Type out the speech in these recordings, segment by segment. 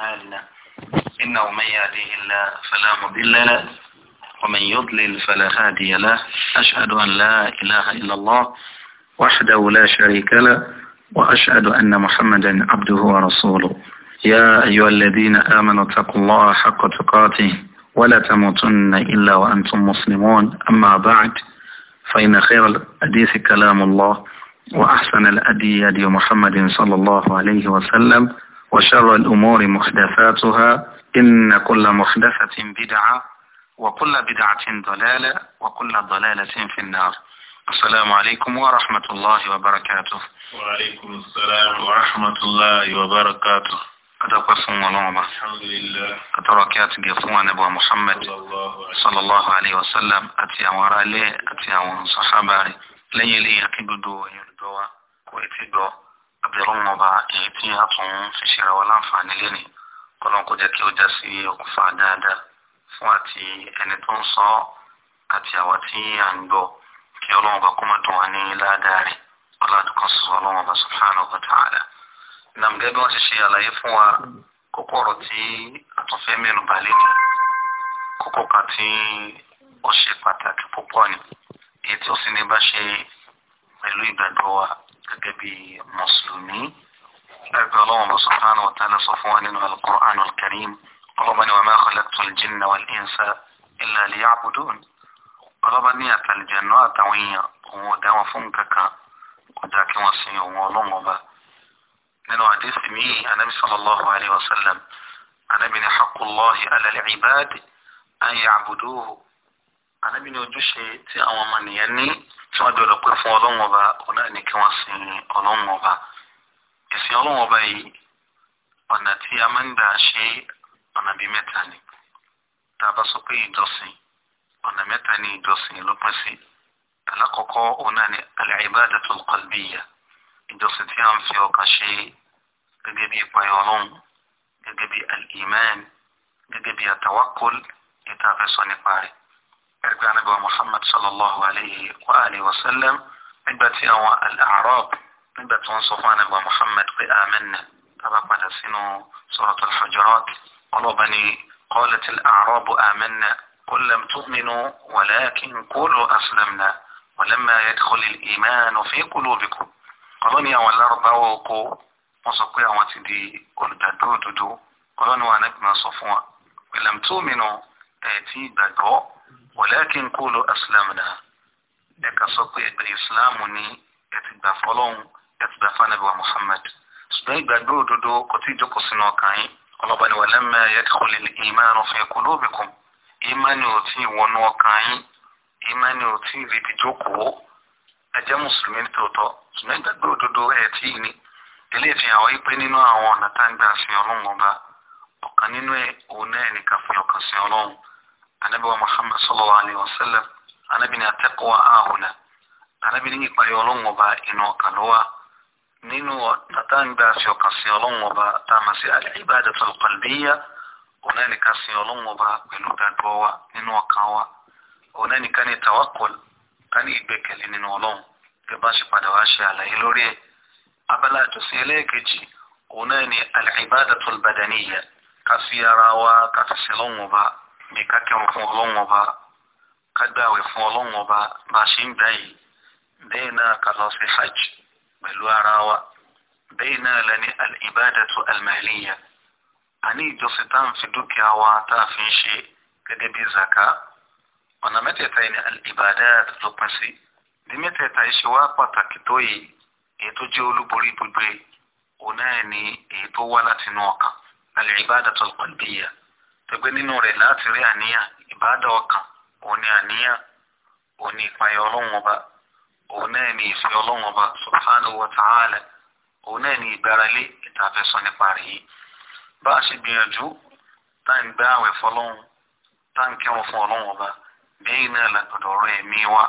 أعمالنا إنه من يهديه الله فلا مضل له ومن يضلل فلا هادي له أشهد أن لا إله إلا الله وحده لا شريك له وأشهد أن محمدا عبده ورسوله يا أيها الذين آمنوا اتقوا الله حق تقاته ولا تموتن إلا وأنتم مسلمون أما بعد فإن خير الحديث كلام الله وأحسن الأدي يدي محمد صلى الله عليه وسلم وشر الأمور محدثاتها إن كل محدثة بدعة وكل بدعة ضلالة وكل ضلالة في النار السلام عليكم ورحمة الله وبركاته وعليكم السلام ورحمة الله وبركاته أدوك فون ولوما الحمد لله أتركات جفوان أبو محمد صلى الله عليه وسلم أتيا ورالي أتيا وصحابة لن يلي يكيدو يردوا ويتدوا abẹ́rún ọba èyí tí a tún fi ṣe àwọn láǹfààní lẹ́ni kọ́lọ́n kó jẹ́ kí ó já sí okùnfà dáadáa fún àti ẹni tó ń sọ àti àwa tí à ń gbọ́ kí ọlọ́run ọba kó má dùn wá ní ládàá rẹ̀ ọlọ́dúnkàn sọ ọlọ́run ọba subhanahu wa ta'ala. ìlànà gẹ́gẹ́ bí ti ṣe àlàyé fún wa kókó ọ̀rọ̀ tí a tún fẹ́ mẹ́nu bà lédè kókó kan tí ó ṣe pàtàkì púpọ̀ ni èyí tí ó sì ní bá ṣe pẹ̀lú ìgbàgbọ́ wa gẹ́gẹ́ bí mùsùlùmí ẹgbẹ́ ọlọ́run lọ subhanahu wa ta'ala sọ fún wa nínú al-Qur'an al-Karim ọlọ́ba ni wa ma khalaqtu al-jinna wal-insa illa liya'budun ọlọ́ba ní àtàlìjẹ̀nú àtàwọn èèyàn òun ò dá wọn fún kankan kọjá kí wọ́n sin òun ọlọ́run ọba nínú àdéhùn mi anabi sallallahu alayhi wa sallam anabi ni haqqullahi ala al-ibad an anabi ni ojúṣe tí àwọn ọmọ nìyẹn ní tí wọ́n dọ̀dọ̀ pé fún ọlọ́run ọba òun náà ní kí wọ́n sin ọlọ́run ọba ìsìn ọlọ́run ọba yìí ọ̀nà tí a máa ń gbà ṣe ọ̀nà bíi mẹ́ta ni tá a bá sọ pé ìjọsìn ọ̀nà mẹ́ta ni ìjọsìn ló pín sí alákọ̀ọ́kọ́ òun náà ni al-ibadatul qalbiyya ìjọsìn tí a ń fi ọkàn ṣe gẹ́gẹ́ bí ìpayọ̀ ọlọ́run gẹ́gẹ́ bí al gẹ́gẹ́ bí at-tawakkul nípa rẹ̀ ẹgbẹ́ anábẹ́wà Muhammad sallallahu alayhi wa alihi wa sallam nígbà tí àwọn al-A'rab nígbà tí wọ́n sọ fún anábẹ́wà Muhammad pé amanna tábà padà sínú suratul Hujurat ọlọ́ba ni qalat al-A'rabu amanna qul lam tu'minu walakin qulu aslamna walamma yadkhul al-iman fi qulubikum ọlọ́ni àwọn alárọ̀báwọ̀ oko wọ́n sọ pé àwọn ti di olùdàdúró dúdú ọlọ́ni wa anábìmọ̀ sọ fún wa pẹ̀lẹ́mtúmínú ẹ̀ tí ìgbàgbọ́ walakin qulu aslamna ẹ kà sọ pé ẹgbẹ́ islam ní ẹ ti gbà fọlọ́hún ẹ ti gbà fanabi wa muhammad ṣùgbọ́n ìgbàgbọ́ òdodo kò tí ì jókòó sínú ọkàn yín ọlọ́ba ni walamma yadkhuli al-iman fi qulubikum ìmánì ò tí ì wọnú ọkàn yín ìmánì ò tí ì ríbi jókòó ẹ jẹ́ mùsùlùmí tòótọ́ ṣùgbọ́n ìgbàgbọ́ òdodo ẹ̀ tí ì ní ilé ìfihàn wáyé pé nínú àwọn ọ̀nà tá à ń gbà sí ọlọ́run ọba ọ̀kan nínú ẹ̀ òun náà nìkan fi ọkàn sí ọlọ́run anabi wa muhammad sallallahu alayhi wa sallam anabi ni atẹ́kọ̀ọ́ ahùnà anabi ní ìpayọ̀ ọlọ́run ọba inú ọkàn ló wà nínú tata ń gbà fi ọkàn sí ọlọ́run ọba tá a máa ṣe al-ibadatul qalbiyya ọ̀nà ẹnìkan sí ọlọ́run ọba pẹ̀lú gbàgbọ́ wa nínú ọkàn wa ọ̀nà ẹnìkan ní ṣe padà lórí ẹ̀ abala àtúnṣe ẹlẹ́ẹ̀kejì ọ̀nà ẹni al-ibadatul fi ara wa ká fi ṣe ọlọ́run bí ká kírun fún ọlọ́run ọba ká gbààwẹ̀ fún ọlọ́run ọba bá a ṣe ń gbà yìí bẹ́ẹ̀ náà ká lọ sí hajj pẹ̀lú ara wa bẹ́ẹ̀ náà lẹni al-ibadatu al-maliya àní ìjọsìn tá à ń fi dúkìá wa tá a fi ń ṣe gẹ́gẹ́ bí zaka ọ̀nà mẹ́tẹ̀ẹ̀ta yìí ni al-ibadat pín sí ní mẹ́tẹ̀ẹ̀ta yìí ṣe wá pàtàkì tó yìí èyí tó jẹ́ olúborí gbogbo òun náà ni èyí tó wá látinú ọkàn al tẹgbẹ́ nínú rẹ̀ láti rí àníyàn ìbádà ọkàn òun ni àníyàn òun ni ìpayà ọlọ́run ọba òun náà ni ìfẹ́ ọlọ́run ọba subhanahu wa ta'ala òun náà ni ìgbáralé ìtafẹ́sọ nípa rẹ̀ yìí bá a ṣe gbìyànjú tá ń gbá àwẹ̀ fọlọ́run tá ń kẹ́wọ̀n fún ọlọ́run ọba bẹ́ẹ̀ náà làgbọ̀dọ̀ ọ̀rọ̀ ẹ̀mí wa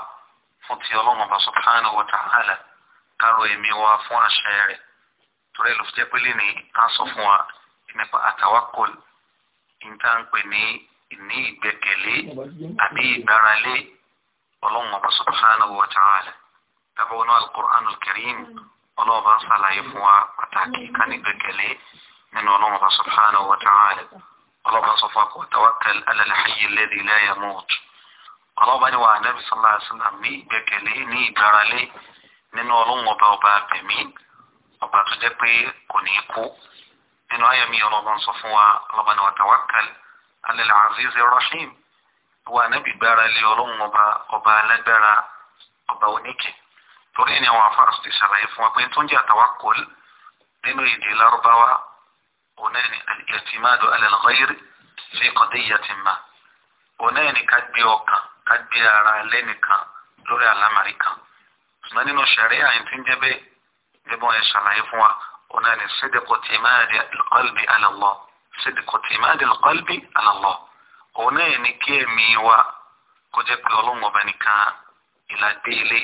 fún ti ọlọ́run ọba subhanahu wa ta'ala kárò ẹ̀mí wa fún àṣẹ rẹ̀ torí ẹ̀ ló fi jẹ́ pé lé ní á sọ fún wa nípa àtàwákọ̀lù nǹkan pè ní ní ìgbẹ́kẹ̀lé àbí ìgbáralé ọlọ́run ọba subhanahu wa ta'ala tàbí ọ̀nà al-Qur'an al-Karim ọlọ́run ọba ń ṣàlàyé fún wa pàtàkì kan ìgbẹ́kẹ̀lé nínú ọlọ́run ọba subhanahu wa ta'ala ọlọ́run ọba sọ fún wa wa tawakkal 'ala al-hayy alladhi ọlọ́run ọba ni wà Nabi sallallahu alaihi ní ìgbẹ́kẹ̀lé ní ìgbáralé nínú ayé mi ọlọ́run sọ fún wa lọ́bàá ni wà tawakkal ala al-aziz ar-rahim wa nábì gbára lé ọlọ́run ọba ọba alágbára ọba oníkè torí ẹni àwọn afárasù ti ṣàlàyé fún wa pé tó ń jẹ́ tawakkul nínú èdè lárúbáwá òun náà ni al-i'timadu ala al-ghayr fi qadiyyatin ma òun náà ni ká gbé ọkàn ká gbé ara lẹ́nìkan lórí àlámàrí kan ṣùgbọ́n nínú ṣàríà àyìntí ń jẹ́ bẹ́ẹ̀ gbẹ́bọn ẹ̀ ṣàlàyé fún wa ọ̀nà ni sídìkù tí máa di kọ́lbì alàlọ́ sídìkù tí máa di kọ́lbì alàlọ́ ọ̀nà yẹn ni kí ẹ̀mí wa kó jẹ́ pé ọlọ́run ọba nìkan ìlà délé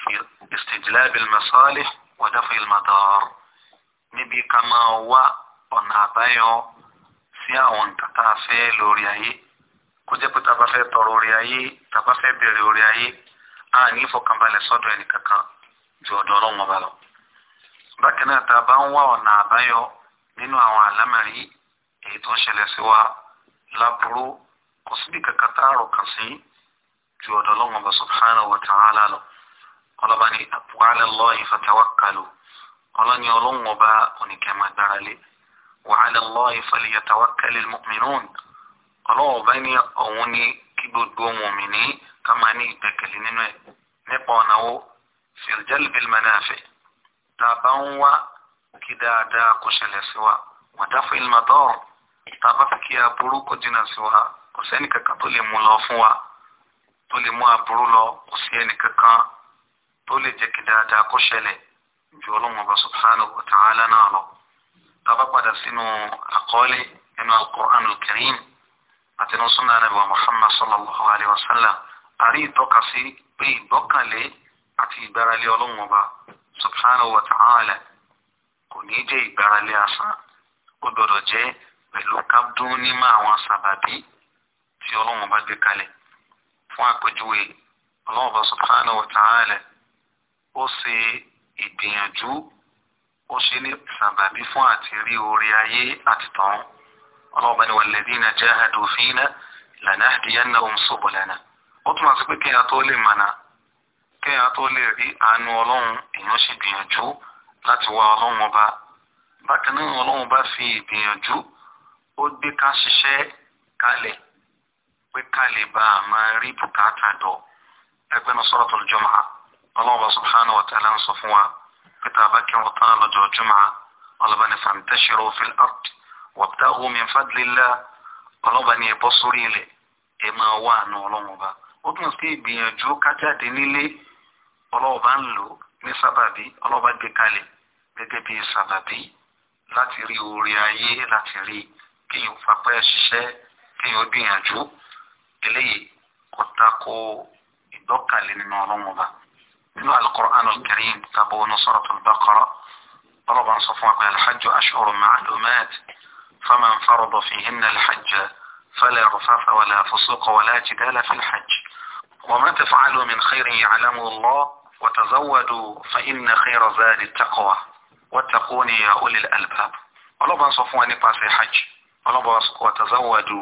fi istijlab al-masalih wa dafi al-madar níbi ká máa wá ọ̀nà àbáyọ sí àwọn nǹkan tá a fẹ́ lórí ayé kó jẹ́ pé tá a bá fẹ́ tọrọ orí ayé tá a bá fẹ́ bèrè orí ayé a ní ìfọkànbalẹ̀ sọ́dọ̀ ẹnì kankan ju ọ̀dọ̀ ọlọ́run ọba lọ bákan náà tá a bá ń wá ọ̀nà àbáyọ nínú àwọn àlámẹ̀rí èyí tó ń ṣẹlẹ̀ sí wa láburú kò síbi kankan tá a rò kàn sí ju ọ̀dọ̀ Ọlọ́hun Ọba subhanahu wa ta'ala lọ ọlọ́ba ní wa 'ala Allahi fatawakkalu ọlọ́ni Ọlọ́hun Ọba oníkẹ́mà gbára lé wa 'ala Allahi falyatawakkalil mu'minun Ọlọ́hun Ọba ní òun ní kí gbogbo mùmìnì ká máa ní ìgbẹ́kẹ̀lé nínú ẹ̀ nípa ọ̀nà wo fil jalbil manafi' tá a bá ń wá kí dáadáa kó ṣẹlẹ̀ sí wa wàdáfẹ́ ìlmọ̀tọ́rọ̀ tá a bá fi kí aburú kó jìnnà sí wa kò sẹ́ni kankan tó lè mú lọ fún wa tó lè mú aburú lọ kò sí ẹnì kankan tó lè jẹ́ kí dáadáa kó ṣẹlẹ̀ ju ọlọ́run ọba subhanahu náà lọ tá padà sínú àkọọ́lẹ̀ nínú al-Qur'an àti nínú sunnah Ànábì Muhammad sallallahu alayhi wa sallam àrí ìtọ́ka pé ìgbọ́kànlé àti ìgbáralé ọlọ́run subhanahu wa ta'ala kò ní jẹ́ ìgbáralé asán ó gbọ́dọ̀ jẹ́ pẹ̀lú kábdún nímọ̀ àwọn sábàbí tí ọlọ́run bá gbé kalẹ̀ fún àpèjúwe ọlọ́run bá subhanahu wa ta'ala ó ṣe ìgbìyànjú ó ṣe ní sábàbí fún àti rí orí ayé àti tọ̀run ọlọ́run bá ní walladhina jahadu fina lanahdiyannahum subulana ó túmọ̀ sí pé kí a tó lè mọ̀nà kẹ́yà tó lè rí àánú ọlọ́run èèyàn sì gbìyànjú láti wá ọlọ́run ọba bákan náà ọlọ́run ọba fi ìgbìyànjú ó gbé ká ṣiṣẹ́ kalẹ̀ pé ká lè bá a máa rí bùkátà dọ̀ ẹgbẹ́ náà suratul Jumu'a ọlọ́run ọba subhanahu wa ta'ala ń sọ fún wa pé tá a bá kí wọn tán lọ́jọ́ Jumu'a ọlọ́ba ní fantashiru fil ard wabtaghu min fadlillah ọlọ́ba ní ẹ̀bọ́ sórí ilẹ̀ ẹ̀ máa wá àánú ọlọ́run ọba ó tún sí ìgbìyànjú ká nílé ọlọ́wọ́ bá ń lò ní sábàbí ọlọ́wọ́ bá gbé kalẹ̀ gẹ́gẹ́ bí sábàbí láti rí oore ayé láti rí kéèyàn fapẹ́ ṣiṣẹ́ kéèyàn gbìyànjú eléyìí kò tako ìgbọ́kàlẹ̀ nínú ọlọ́run ọba nínú al-Qur'an al-Karim tàbí ọ̀nà Suratul Baqara ọlọ́ba ń sọ fún wa pé al-hajju ashhurun ma'lumat faman farada fihinna al-hajja fala rufafa wala fusuqa wala jidala fil-hajj wa ma taf'alu min khairin ya'lamuhu Allah. وتزودوا فإن خير زاد التقوى واتقوني يا أولي الألباب ọlọ́bàá sọ fún wa nípasẹ̀ hajj ọlọ́bàá wàtàzáwàdù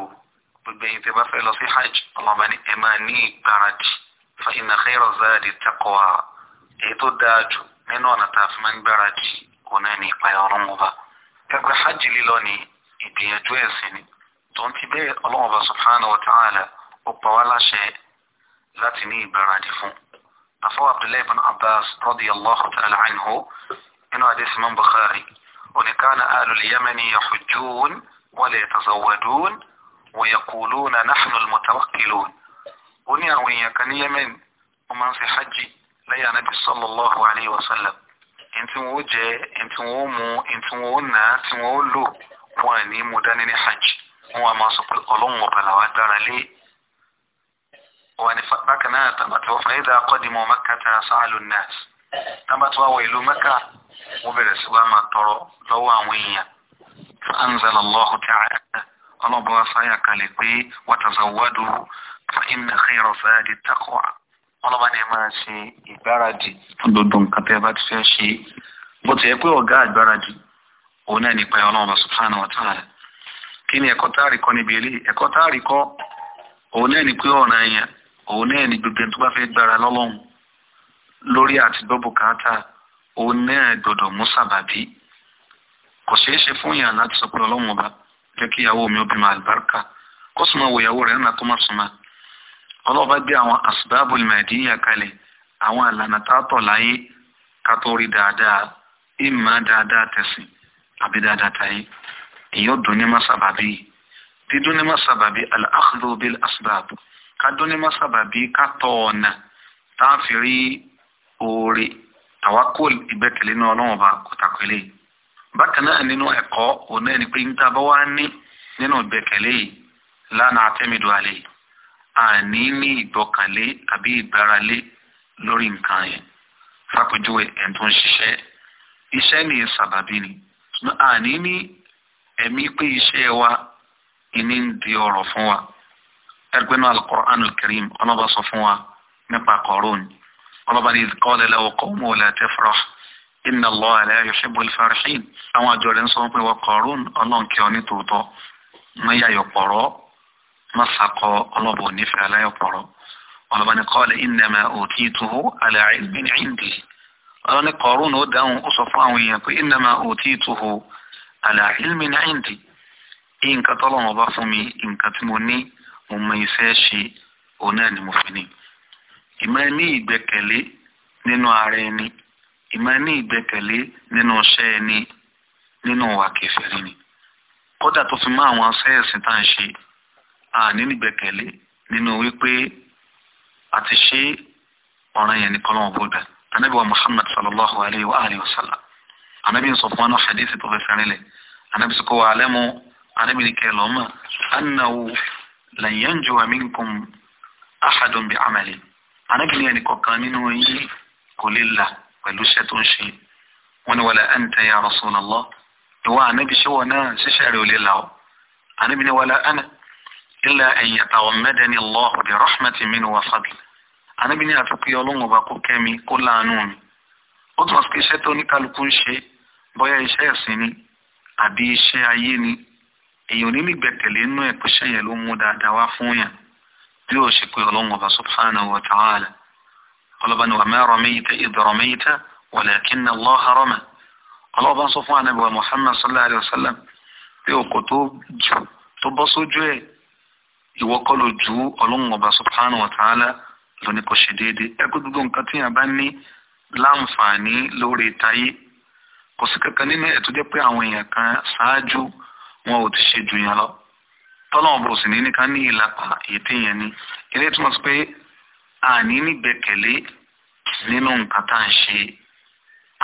gbogbo ẹ̀yin tí bá fẹ́ lọ sí hajj ọlọ́bàá ní ẹ máa ní ìgbáradì fa inna khayra zadi taqwa èyí tó dáa jù nínú ọ̀nà tá a fi máa ń gbáradì òun náà ní ìpayà ọlọ́run ọba ẹgbẹ́ hajj lílọ ní ìgbìyànjú ẹ̀sìn ni tó ń ti bẹ́ẹ̀ ọlọ́run ọba subhanahu wa ta'ala ó pa wá láṣẹ láti ní ìgbáradì fún رسول عبد الله بن عباس رضي الله تعالى عنه إنه حديث من بخاري ولكان أهل اليمن يحجون ولا يتزودون ويقولون نحن المتوكلون ونيا وين كان يمن ومن في حجي لا نبي صلى الله عليه وسلم انت وجه انت ومو انت ونا انت ولو واني مدانني حج هو ما سقل الله وبلا لي bákan náà tàbátọ̀ fàídà kọ́dìmọ̀ mẹ́ka ta sáàlù nas tàbátọ̀ àwọ̀ ìlú mẹ́ka wọ́n bẹ̀rẹ̀ sí wá máa tọrọ lọ́wọ́ àwọn èèyàn fa'anzalallahu ta'ala ọlọ́bọ̀ sáyà kalẹ̀ pé wàtàzàwádù fa'inna khayra zadi taqwa ọlọ́bà ni máa ṣe ìgbáradì fún gbogbo nǹkan tẹ́ bá ti fẹ́ ṣe bó ti yẹ pé ọ̀gá ìgbáradì òun náà nípa ọlọ́run subhanahu wa ta'ala kí ni ẹ̀kọ́ táàrí kọ́ níbi ilé ẹ̀kọ́ táàrí kọ́ òun náà ní pé ọ̀ràn èèyàn òun náà ni gbogbo ẹni tó bá fẹ́ gbára lọ́lọ́run lórí àti gbọ́ bùkátà òun náà gbọ́dọ̀ mú sàbàbí kò ṣeé ṣe fún yàn láti sọ pé ọlọ́run ọba jẹ́ kí ìyàwó mi obìnrin àlùbáríkà kó sùnmọ́ wo ìyàwó rẹ̀ nínú àkómọ́ sùnmọ́ ọlọ́ọ̀bá gbé àwọn àsìbáàbò ìmọ̀-ẹ̀dínyà kalẹ̀ àwọn àlànà tààtọ̀ láyé ká tó rí dáadáa ìmọ̀ dáadáa tẹ̀sìn àbí dáadáa táyé èyí ó dùn ní mọ́sàbàbí dídún ní mọ́sàbàbí al-akhdhu bil ká dúnímọ̀ sábàbí ká tọ ọ̀nà tá a fi rí oore tawakkul ìgbẹ́kẹ̀lé ní ọlọ́run ọba kò takwele bákan náà nínú ẹ̀kọ́ òun náà ni pé níta bá wá ní nínú ìgbẹ́kẹ̀lé yìí lánàá àtẹ́mìdò àlè àní ní ìgbọ́kànlé àbí ìgbáralé lórí nǹkan yẹn fàpèjúwe ẹni tó ń ṣiṣẹ́ iṣẹ́ ní sàbàbí ni àní ní ẹ̀mí pé iṣẹ́ wa ìní ń di ọ̀rọ̀ fún wa ẹgbẹ́nu al-Qur'an al-Karim ọlọ́ba sọ fún wa nípa Qarun ọlọ́ba ní qala lahu qawmuhu la tafrah inna Allaha la yuhibbul farihin àwọn àjọ rẹ̀ ń sọ pé wọ́n Qarun ọlọ́nkẹ́ ọ ní tòótọ́ má yàyọ̀ pọ̀rọ́ má sàkọ ọlọ́ba ò nífẹ̀ẹ́ aláyọ̀ pọ̀rọ́ ọlọ́ba ní qala innama utituhu ala ilmin indi ọlọ́ ní mo mọ iṣẹ́ ṣe òun náà ni mo fi ní. ìmọ̀ ní ìgbẹ́kẹ̀lé nínú ara ẹni ìmọ̀ ní ìgbẹ́kẹ̀lé nínú iṣẹ́ ẹni nínú ìwà kẹfẹ́rí ni. kódà tó fi mọ́ àwọn sẹ́ẹ̀sìn tá à ń ṣe àní nígbẹ́kẹ̀lé nínú wípé àti ṣe ọ̀ràn yẹn ní kọ́lọ́mù bóda anabi wa muhammad sallallahu alayhi wa alihi wa sallam anabi n sọ fún wọn náà hadith tó fẹsẹ̀ rinlẹ̀ anabi sọ kó wà á lẹ́mu anabi ní kẹlọ́mà annahu lan yanjuwa minkum ahadun bi amali arábìnrin ẹnì kọ̀ọ̀kan nínú yín kò lè là pẹ̀lú iṣẹ́ tó ń ṣe wọn ni wala anta ya Rasulullah ìwọ ànábì ṣéwọ náà ṣiṣẹ́ rẹ̀ ò lè là ọ́ ànábì ni wala ana illa an yatawammadani Allahu bi rahmatin minhu wa fadl ànábì ni àfikún ọlọ́run ọba kó kẹ́mi kó láàánú mi ó tún ọ̀sìn iṣẹ́ tó oníkálukú ń ṣe bóyá iṣẹ́ ẹ̀sìn ni àbí iṣẹ́ ayé ni èèyàn ní gbẹ̀tẹ̀lé inú ẹ̀ pẹ́ṣẹ́ yẹn ló mú dáadáa wá fún yàn bí ó ṣe pé ọlọ́run ọba subhanahu wa ta'ala ọlọ́ba ni wà ma ramayta idh ramayta walakinna Allaha rama ọlọ́ba sọ fún anabi wa muhammad sallallahu alayhi wa sallam pé òkò tó jù tó bọ́ sójú ẹ̀ ìwọ kọ́ ló jù ọlọ́run ọba subhanahu wa ta'ala lóní kò ṣe déédéé ẹ kó gbogbo nǹkan tí yàn bá ní láǹfààní lórí tayé kò sí kankan nínú ẹ̀ tó jẹ́ pé àwọn èèyàn kan ṣáájú wọn ò ti ṣe jù yẹn lọ tọ́lọ́wọ́n bò sí ní nìkan ní ìlàpà ètè yẹn ni ilé túmọ̀ sí pé àní nígbẹ̀kẹ̀lé nínú nǹkan tá à ń ṣe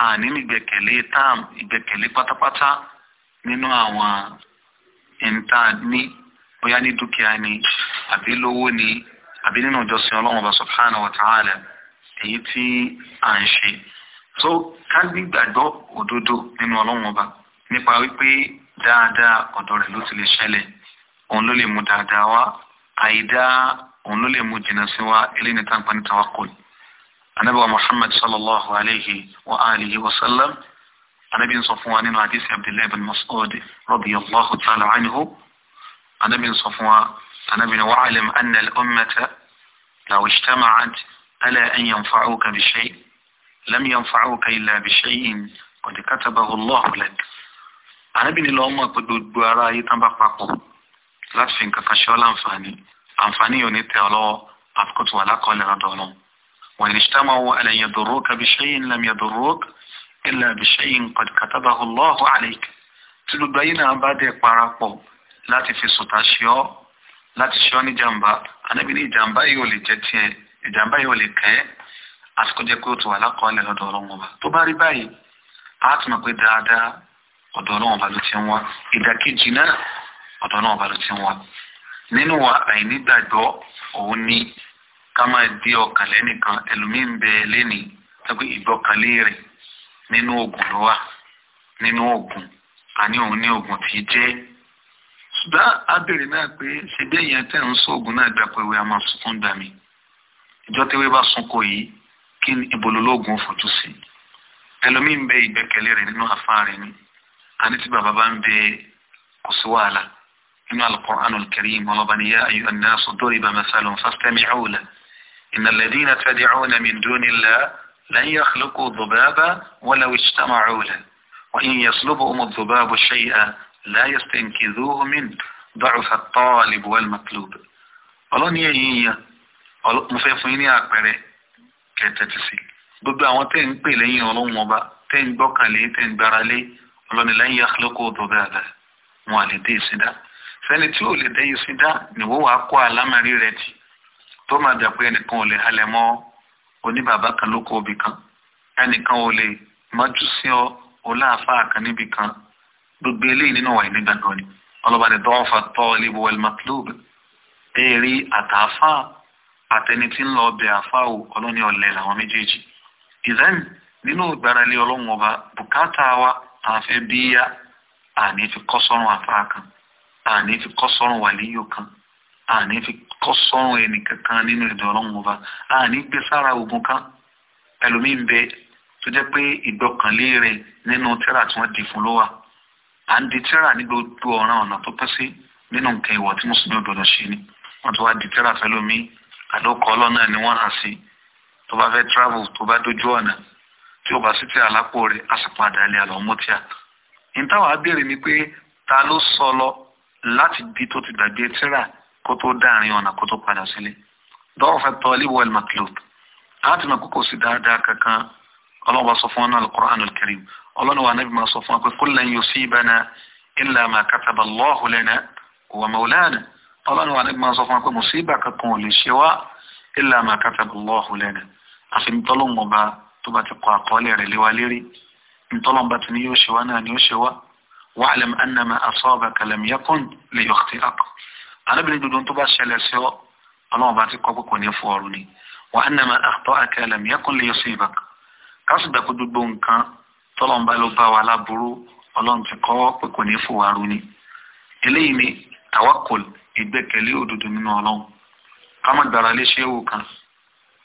àní nígbẹ̀kẹ̀lé táàm ìgbẹ̀kẹ̀lé pátápátá nínú àwọn ìta ní bóyá ní dúkìá ni àbí lówó ni àbí nínú ìjọsìn ọlọ́run ọba subhanahu wa ta'ala èyí tí à ń ṣe so ká nígbàgbọ́ òdodo nínú ọlọ́run ọba nípa wípé dada ọ̀dọ̀ rẹ̀ ló ti lè ṣẹlẹ̀ òun ló lè mú dáadáa wá àìdá òun ló lè mú jìnnà sí wa eléyìí tá n pa ní anabi wa muhammad sallallahu alayhi wa alihi wa sallam anabi ń sọ fún wa nínú hadith abdullahi bin mas'ud radiyallahu ta'ala anhu anabi ń sọ fún wa anabi ni wa'alam anna al-ummata law ijtama'at ala an yanfa'uka bi shay lam yanfa'uka illa bi shay'in qad katabahu allahu lak. àrẹ́bìnrin lọ mọ̀ pé gbogbo ara ayé tán bá papọ̀ láti fi nǹkan kan ṣe ọ́ láǹfààní àǹfààní yóò ní tẹ ọ lọ́wọ́ àfikún tó wà lákọọ́lẹ̀ ọ̀dọ̀ ọ̀nà wọ́n lè ṣe máa wọ ẹlẹ́yìn dòrókà bí ṣẹ́yìn lam yadurruk illa bí ṣẹ́yìn qad katabahu Allahu alayk tí gbogbo ayé náà bá dẹ̀ parapọ̀ láti fi sùtà ṣe ọ́ láti ṣe ọ́ ní jàǹbá ànábì ní ìjàǹbá lè jẹ́ tiẹ̀ ìjàǹbá yìí lè kẹ́ àfikún jẹ́ pé ó ti wà lákọọ́lẹ̀ ọ̀dọ̀ ọ̀rọ̀ wọn tó bá rí báyìí a tún mọ̀ pé dáadáa ọdọ ọlọ́run ló ti ń wá ìdàkejì náà ọ̀dọ̀ ọlọ́run ló ti ń wá nínú wa àìnígbàgbọ́ òun ni ká máa di ọkàn lẹ́nìkan ẹlòmíín bẹ lẹ́nìí tẹ́kù ìgbọ́kànlé rẹ nínú oògùn ló wà nínú oògùn àní òun ní oògùn tí ṣùgbọ́n abèrè náà pé ṣe bí èèyàn tẹ̀ ń sọ oògùn náà sunkún mí ìjọ sunko yìí kí fojú sí ẹlòmíín bẹ ìgbẹ́kẹ̀lé nínú àfáà أنتبع بابان بأسوالة إن القرآن الكريم ولبن يا أيها الناس ضرب مثال فاستمعوا له إن الذين تدعون من دون الله لن يخلقوا ذبابا ولو اجتمعوا له وإن يسلبهم الذباب شيئا لا يستنكذوه من ضعف الطالب والمطلوب ولن يهي مفيفين أكبر كتتسي ببا وتنقل ينظم تنبقى لي تنبرى لي ọlọ́ni lẹ́yìn akílókò òdòdó àdá wọn à lè dé ìsídá fẹ́ni tí ò lè dé ìsídá nìwó wàá kó àlámàrí rẹ̀ jì tó máa jà pé ẹnìkan ò lè halẹ̀ mọ́ oníbàbá kan lóko òbí kan ẹnìkan ò lè mọ́jú sí ọ oláàfáà kan níbi kan gbogbo eléyìí nínú wà ní dandan ni ọlọ́ba ni dọ́wọ́ fa tọ́ ilé ìwọ ẹlẹ́mà club àtàfà àtẹni tí ń lọ ọbẹ̀ àfà ò ọlọ́ni ọ̀lẹ́ làwọn méjèèjì ìdẹ́n nínú ìgbáralé ọlọ́run ọba bùkátà wa àfẹ́ bíyá àní fi kọ́ sọ́run àfáà kan àní fi kọ́ sọ́run wàlíyò kan àní fi kọ́ sọ́run ẹnì kankan nínú ẹ̀dọ̀ ọlọ́run ọba àní gbé sára ogun kan ẹlòmíín bẹ tó jẹ́ pé ìgbọ́kànlé rẹ̀ nínú tíra tí wọ́n di fún ló à ń di tíra ní gbogbo ọ̀ràn ọ̀nà tó pẹ́ sí nínú nǹkan ìwọ̀ tí mùsùlùmí òdòdó ṣe ni wọ́n ti wá di tíra fẹ́lòmíín àlókọ́ ọlọ́run ni wọ́n hàn sí tó bá fẹ́ travel tó bá dójú ọ̀nà tí ó bá sí tí alápò rẹ̀ a sì padà ilé àlọ́mọ́tíà ìtawà béèrè ni pé ta ló sọ lọ láti di tó ti gbàgbé tíra kó tó dáàrin ọ̀nà kó tó padà sílé dọ́rọ̀ fẹ́ tọ́ ilé wọ́ọ̀lì macleod láti mọ̀ kókò sí dáadáa kankan ọlọ́wọ́ sọ fún ọ́nà alukur'an alkarim ọlọ́nà wa nabi máa sọ fún wa pé kullan yusibana illa ma kataba Allahu lana wa maulana ọlọ́nà wa nabi máa sọ fún wa pé mùsíbà kankan ò lè ṣe wá illa ma kataba Allahu lana àfi ń tọ́lọ́ tó bá ti kọ àkọọ́lẹ̀ rẹ̀ léwa lérí ntọ́lọ́mbà tí ni yóò ṣe wá náà ni ó ṣe wá wa'lam annama asabaka lam yakun liyukhti'ak arábìnrin dundun tó bá ṣẹlẹ̀ sí ọ ọlọ́run bá ti kọ́ pé kò ní fún ọrùn ni wa annama akhta'aka lam yakun liyusibak kásìgbà pé gbogbo nǹkan tọ́lọ́mbà ló bá wa láburú ọlọ́run ti kọ́ pé kò ní fún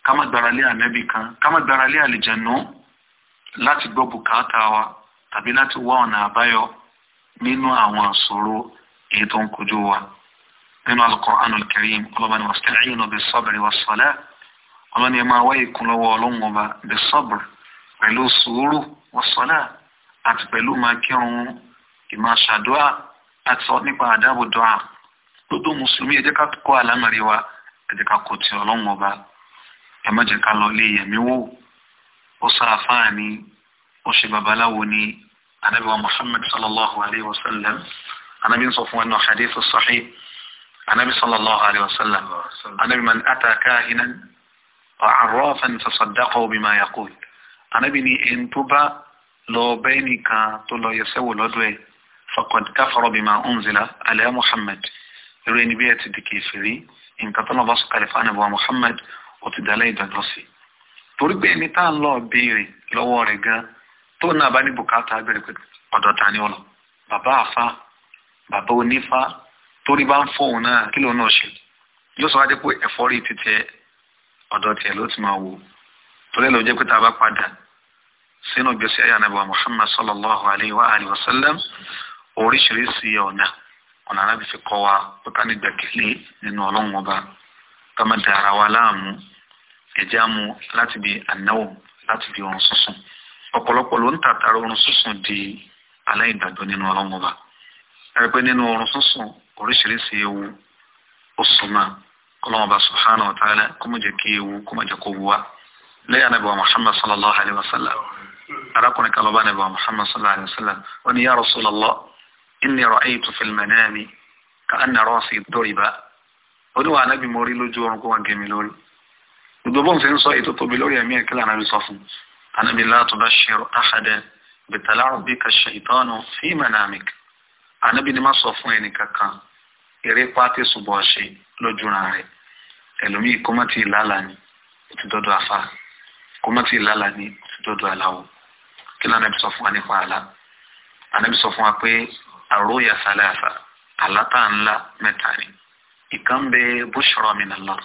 ká má gbára lé ànábì kan ká má gbára lé àlìjànú láti gbọ́ bùkátà wa tàbí láti wá ọ̀nà àbáyọ nínú àwọn àṣòro èyí tó ń kojú wa nínú al-Qur'an al-Karim ọlọ́bàní wasta'inu bis-sabri was-salah ọlọ́ni ẹ máa wáyé kun lọ́wọ́ ọlọ́run ọba bis-sabr pẹ̀lú sùúrù was-salah àti pẹ̀lú máa kírun ìmáa ṣàdúrà àti sọ nípa àdáàbò dọ́à gbogbo mùsùlùmí ẹ ká kọ́ àlámọ̀rí wa ẹ ká kò tí ọlọ́run ọba ẹ má jẹ́ ká lọ lé yẹ̀mí wò ó sáfáà ni ó ṣe babaláwo ni anabi wa muhammad sallallahu alayhi wa sallam anabi ń sọ fún wa nù hadith sahih anabi sallallahu alayhi wa sallam anabi man ata kahinan wa arrafan fasaddaqahu bima yaqul anabi ni ẹni tó bá lọ bẹ́ẹ̀ nìkan tó lọ yẹsẹ̀ wò lọ́dọ̀ ẹ̀ faqad kafara bima unzila ala muhammad irú ẹni bí ẹ ti di kèfèrí nǹkan tó lọ bá sọ kàlífà ó ti dá lẹ́yìn dandan sí torí pé ẹni tá à ń lọ béèrè lọ́wọ́ rẹ̀ gan tó náà bá ní bùkátà bẹ̀rẹ̀ pé ọ̀dọ̀ ta ni ó lọ bàbá àfa bàbá onífá torí bá ń fóun náà kí lóun náà ṣe yóò sọ wá jẹ́ pé ẹ̀fọ́rí ti tẹ ọ̀dọ̀ tiẹ̀ ló ti máa wò torí ẹ̀ ló jẹ́ pé tá a bá padà sínú gbèsè ayé anábìwá Muhammad sallallahu alayhi wa alihi wa sallam oríṣiríṣi ọ̀nà ọ̀nà arábìsí kọ́ wa pé ní gbàgbé nínú ọlọ́run ọba ká ara wa láàmú ẹ̀já mu láti bí anáwó láti bí oorun sísun ọ̀pọ̀lọpọ̀ ló ń tàtàrà oorun sísun di aláìgbàgbọ́ nínú ọlọ́run ọba ẹ̀rí pé nínú oorun sísun oríṣiríṣi ewu ó súnmọ́ ọlọ́run ọba subhanahu wa ta'ala kó má jẹ́ kí ewu kó má jẹ́ kó wú wa lẹ́yìn anábìwá muhammad sallallahu alayhi wa sallam arákùnrin kan ló bá anábìwá muhammad sallallahu alayhi wa sallam ó ní ya rasulallah inni ra'aytu fil manami gbogbo bóun ṣe ń sọ ètò tóbi lórí ẹ̀mí ẹ̀kí lànà bí sọ fún anábì látò bá ṣe àhàdẹ bìtàlá òbí kàṣẹ ìtọ́nù fi manamik anábì ni má sọ fún ẹnì kankan eré pátí ṣùgbọ́n ṣe lójú ra rẹ̀ ẹlòmíì kó má ti lálà ni ó ti dọ́dọ̀ afá kó má ti lálà ni ó ti dọ́dọ̀ aláwọ̀ kí lànà sọ fún wa nípa àlá anábì sọ fún wa pé àròyà sálẹ̀ àṣà àlátà ńlá mẹ́ta ni ìkànnbẹ bushra min Allah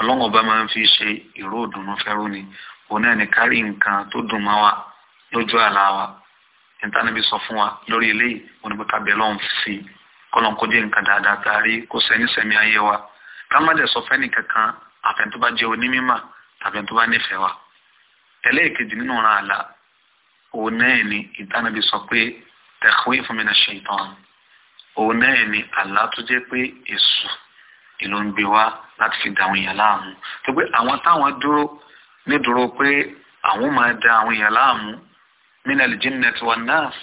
ọlọ́run ọba máa ń fi ṣe ìró òdùnnú fẹ́rú ni òun náà ní kárí nǹkan tó dùn mọ́ wa lójú àlá wa ìtànàbí sọ fún wa lórí eléyìí òun ní pé kábẹ́ lọ́n fi kọ́lọ́n kó jẹ́ nǹkan dáadáa tá a rí kó sẹ́ni sẹ́mi ayé wa ká má dẹ̀ sọ fẹ́ni kankan àfẹ́ni tó bá jẹ́ onímímà tàbí tó bá nífẹ̀ẹ́ wa ẹlẹ́ẹ̀kejì nínú ọ̀ràn àlá òun náà ni ìtànàbí sọ pé takhwifun mina shaitan òun náà ni àlá tó jẹ́ pé èṣù ìlú ń gbé wá láti fi da àwọn èèyàn láàmú tó pé àwọn táwọn dúró nídúró pé àwọn máa da àwọn èèyàn láàmú min al-jinnati wan-nas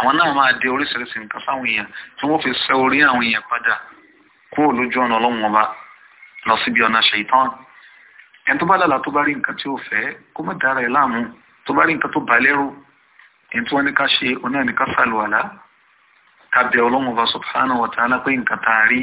àwọn náà máa di oríṣiríṣi nǹkan fáwọn èèyàn tí wọ́n fi sẹ́ orí àwọn èèyàn padà kúrò lójú ọ̀nà ọlọ́run ọba lọ síbi ọ̀nà ṣèitán ẹni tó bá lálàá tó bá rí nǹkan tí ó fẹ́ kó má dára ẹ̀ láàmú tó bá rí nǹkan tó bá lẹ́rù ẹni tí wọ́n ní ká ṣe oní ẹni ká sàlùwàlá ká bẹ ọlọ́run ọba subhanahu wa ta'ala pé nǹkan tá a rí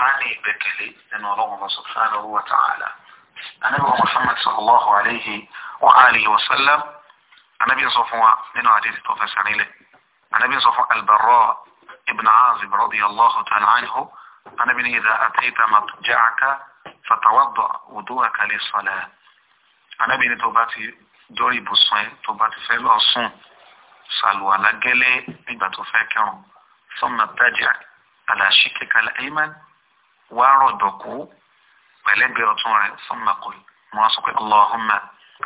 علي بكلي إنه الله سبحانه وتعالى أنا النبي محمد صلى الله عليه وآله وسلم أنا النبي صفوة من عديد توفيس أنا النبي صفوة البراء ابن عازب رضي الله تعالى عنه أنا النبي إذا أتيت مضجعك فتوضع ودوك للصلاة أنا النبي توباتي دوري بوسوين توباتي فيل أصون صلوة لقلي نباتو ثم تجع على شكك الأيمن wá rọ̀dọ̀kú pẹ̀lẹ́gbẹ̀ẹ́ ọ̀tún rẹ̀ sọ́mọ̀kùn mo wá sọ pé allahumma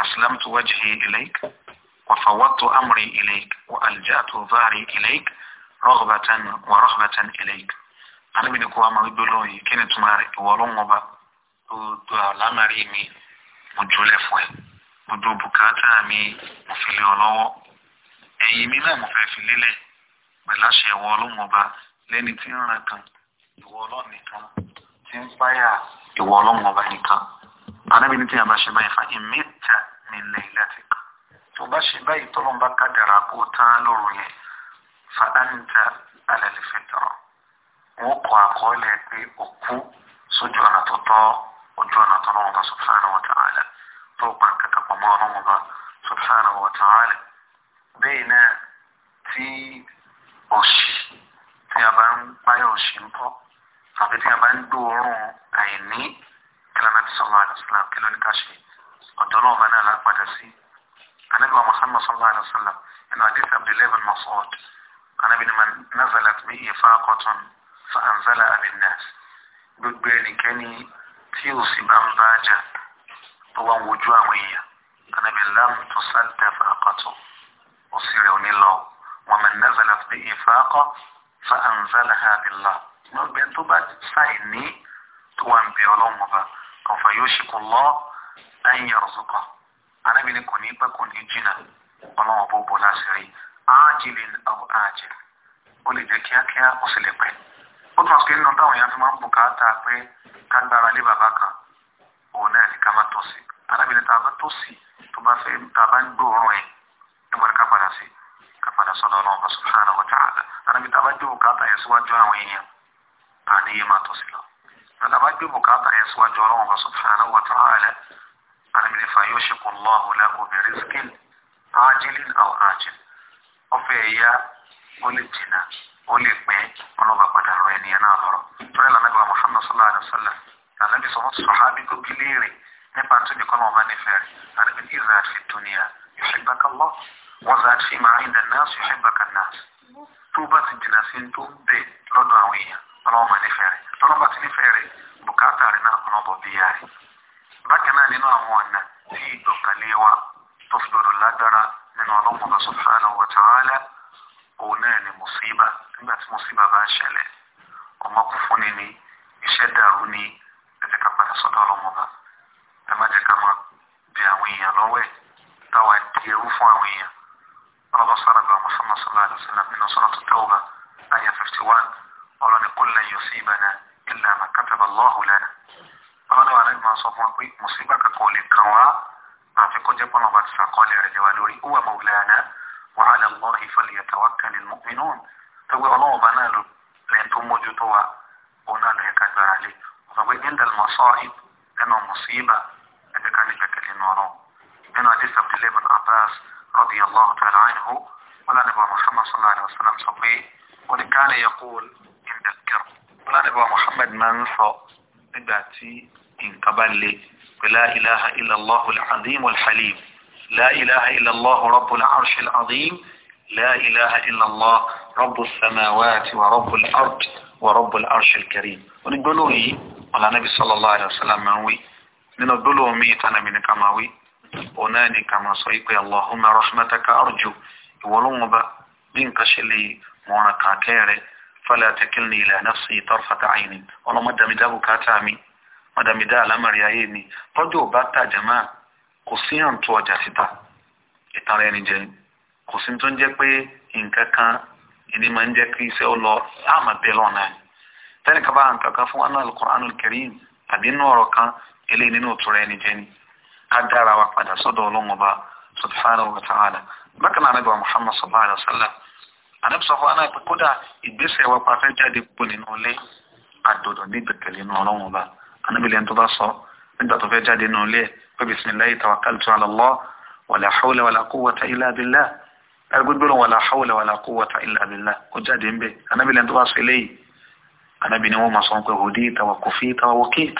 aslamtu wajhi ilayk wa fawwadtu amri ilayk wa alja'tu dhahri ilayk raghbatan wa rahbatan ilayk anábìíní kò wá máa gbé lóyè kí ni túmọ̀ rẹ̀ ìwọ ló ń wọ́n bá gbogbo àlámàrí mi mo jólẹ̀ fún ẹ gbogbo bùkátà mi mo fi lé ọ lọ́wọ́ ẹ̀yìn mi náà mo fẹ́ fi lélẹ̀ pẹ̀láṣẹ ìwọ ọlọ́run ọba lẹ́ni tí ń ra kan ìwọ ọlọ́run nìkan tí ń páyà ìwọ ọlọ́run ọba nìkan anábìnrin tí a bá ṣe báyìí fa ìmẹ́ta nílẹ̀ ilẹ̀ ti kan tó bá ṣe báyìí tọ́lọ́n bá kádàrà kó tán lóru yẹn fa áńtà alẹ́lẹ́ fi tọrọ wọn kọ àkọọ́lẹ̀ pé òkú sójú ọ̀nà tó tọ́ ojú ọ̀nà tọ́lọ́run bá subhanahu wa ta'ala tó pa kàkà pọ̀ mọ́ ọlọ́run bá subhanahu wa ta'ala bẹ́ẹ̀ náà tí òṣì tí a bá ń páyà òṣì ń bọ́ àfi tí a bá ń gbóòórùn àìní kílánà tí sọlá àdàsílà kí ló ní ká ṣe ọ̀dọ́ náà bá náà lápadà sí anábìwá muhammad sọlá àdàsílà nínú àdìsí abdullahi bin masoud anábì ni man nazalat bí ìfá kọtun fa anzala abinnas gbogbo ẹnikẹ́ni tí ò sì bá ń bá jà tó wá ń wojú àwọn èèyàn anábì lam tó sáńtẹ fàákọtun ó sì rẹ̀ ò ní lọ wọn man nazalat bí kọ fa anzalaha billah gbogbo ẹni tó bá ṣàì ní tó wà ń bẹ ọlọ́run ọba kọfà yóò ṣe kò lọ ẹ̀yìn ọ̀rọ̀sọ́kọ̀ arábìnrin kò ní pẹ́ kò ní jìnnà ọlọ́run ọba òbò láṣìírí ájìlín àwọn ájìl ó lè jẹ́ kíákíá ó sì lè pẹ́ ó tún àṣírí nínú táwọn èèyàn fi máa ń bùkátà pé ká gbára lé bàbá kan òun náà ní ká má tọ́ sí arábìnrin tá a bá tọ́ sí tó bá fẹ́ tá a bá ń gbóòórùn ẹ̀ nígbàdí ká padà sí ká padà sọ́dọ̀ ọlọ́run ọba subhanahu wa àníyé máa tọ́ sí lọ. Àdàbà gbé bùkátà yẹn síwájú ọlọ́run ọba subhanahu wa ta'ala. Àdàbìnrin fa yushqullahu lahu bi rizqin ajilin aw ajil. Ọ̀fẹ́ ẹ̀yà ó lè jìnà ó lè pẹ́ ọlọ́ba padà rọ ènìyàn náà lọ́rọ̀. Tọ́lá ìlànà ìgbà Mùhàmmad sallallahu alayhi wa sallam. Àdàbí sọ fún sọ̀hábí kò kí léèrè nípa tó ní kọ́nà ọba nífẹ̀ẹ́ rẹ̀. Àdàbí izad fi dunya bá ti jìnà sí tó ń bẹ̀ lọ́dọ̀ àwọn èèyàn ọlọ́wọ́ máa nífẹ̀ẹ́ rẹ̀ tọ́lọ́ bá ti nífẹ̀ẹ́ rẹ̀ bùkátà rẹ̀ náà ọlọ́bọ̀ bíyà rẹ̀ bákan náà nínú àwọn ọ̀nà tí ìgbọ̀kànlé wa tó fi gbọdọ̀ lágbára nínú ọlọ́mọba subhanahu wa ta'ala òun náà ni mùsíbà nígbà tí mùsíbà bá ń ṣẹlẹ̀ ọmọ kò fún ni ni iṣẹ́ dàrú ni ẹ jẹ́ ká padà sọ́dọ̀ ọlọ́mọba ẹ má jẹ́ ká máa bi àwọn èèyàn lọ́wọ́ ẹ̀ táwa di ẹrú fún àwọn èèyàn ọlọ́ba sára bá Muhammad sallallahu alaihi wasallam nínú Suratu Tawbah ayah fifty one. الله لنا قالوا عليه ما صفوان بي مصيبة كقول الكوا أفكو جبنا بكسا قال رجوالوري هو مولانا وعلى الله فليتوكل المؤمنون تقول الله بنال لأنتم موجودوا ونال يكاد علي وفكو عند المصائب أنا مصيبة إذا كان لك الإنوارو أنا عزيز عبد الله بن عباس رضي الله تعالى عنه ولا نبي محمد صلى الله عليه وسلم صبي ولكان يقول tánàbà Muhammad máa ń sọ nígbà tí nǹkan bá le la ilaha illallah al-azim wal-halim la ilaha illallah rabbul arshi al-azim la ilaha illallah rabbus samawati wa rabbul ard wa rabbul arshi al-karim onígbólóhùn yìí wọn lànà bí sallallahu alayhi wa sallam máa ń wí nínú gbólóhùn míì tánàbì ní fala takilni ila nafsi tarfata ayni ọlọ́mọdé mi dábò káàtà mi mọ̀dá mi dá àlámọ̀rí ayé mi tọ́jú ò bá tàjà máa kò sí àǹtó ọjà síta ìtara ẹni jẹ kò sí tó ń jẹ́ pé nǹkan kan ìní máa ń jẹ́ kí iṣẹ́ ó lọ àmà bẹ́ẹ̀ lọ́nà ẹ̀ tẹ́lẹ̀ kaba nǹkan kan fún anal Qur'anul Karim tàbí inú ọ̀rọ̀ kan eléyìí nínú òtúrọ̀ ẹni jẹ́ ni ká dára wa padà sọ́dọ̀ ọlọ́run ọba subhanahu wa ta'ala bákan náà nàgbà Muhammad sallallahu alaihi wa sallam ànábì sọ fún wa náà pé kódà ìgbésẹ̀ wa pa fẹ́ jáde púpọ̀ nínú ilé àdọ̀dọ̀ ní ìgbẹ̀kẹ̀lé inú ọlọ́run ọba ànábì lẹ́nu tó bá sọ nígbà tó fẹ́ jáde nínú ilé pé bisimilayi tawakkaltu ala Allah wàlà hawla wàlà quwwata illa billah ẹgbẹ́gbẹ́rún wàlà hawla wàlà quwwata illa billah kó jáde ń bẹ̀ ànábì lẹ́nu tó bá sọ eléyìí ànábì ni wọ́n máa sọ pé hòdí tawakùfí tawakìt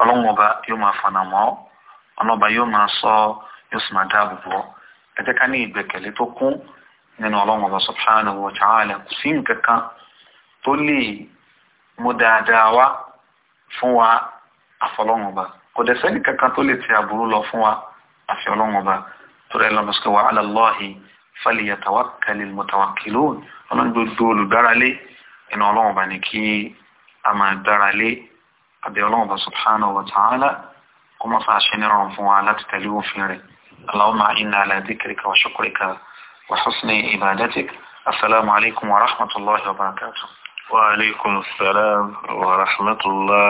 ọlọ́run ọba yóò máa yóò máa sọ nínú ọlọ́run ọba subhanahu wa ta'ala kò sí nǹkan kan tó lè mú dáadáa wá fún wa àfọlọ́run ọba kò dẹ̀ sẹ́ni kankan tó lè ti aburú lọ fún wa àfi ọlọ́run ọba tó rẹ̀ lọ́mọ sọ́kẹ́ wa ala Allahi falyatawakkalil mutawakkilun ọlọ́run gbogbo olùgbáralé nínú ọlọ́run ọba ní kí a máa gbáralé àbí وحسن إبادتك السلام عليكم ورحمة الله وبركاته وعليكم السلام ورحمة الله